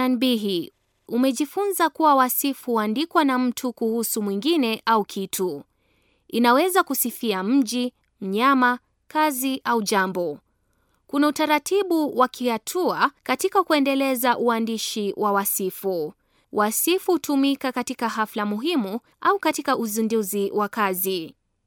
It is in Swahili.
Tanbihi: umejifunza kuwa wasifu huandikwa na mtu kuhusu mwingine au kitu. Inaweza kusifia mji, mnyama, kazi au jambo. Kuna utaratibu wa kihatua katika kuendeleza uandishi wa wasifu. Wasifu hutumika katika hafla muhimu au katika uzinduzi wa kazi.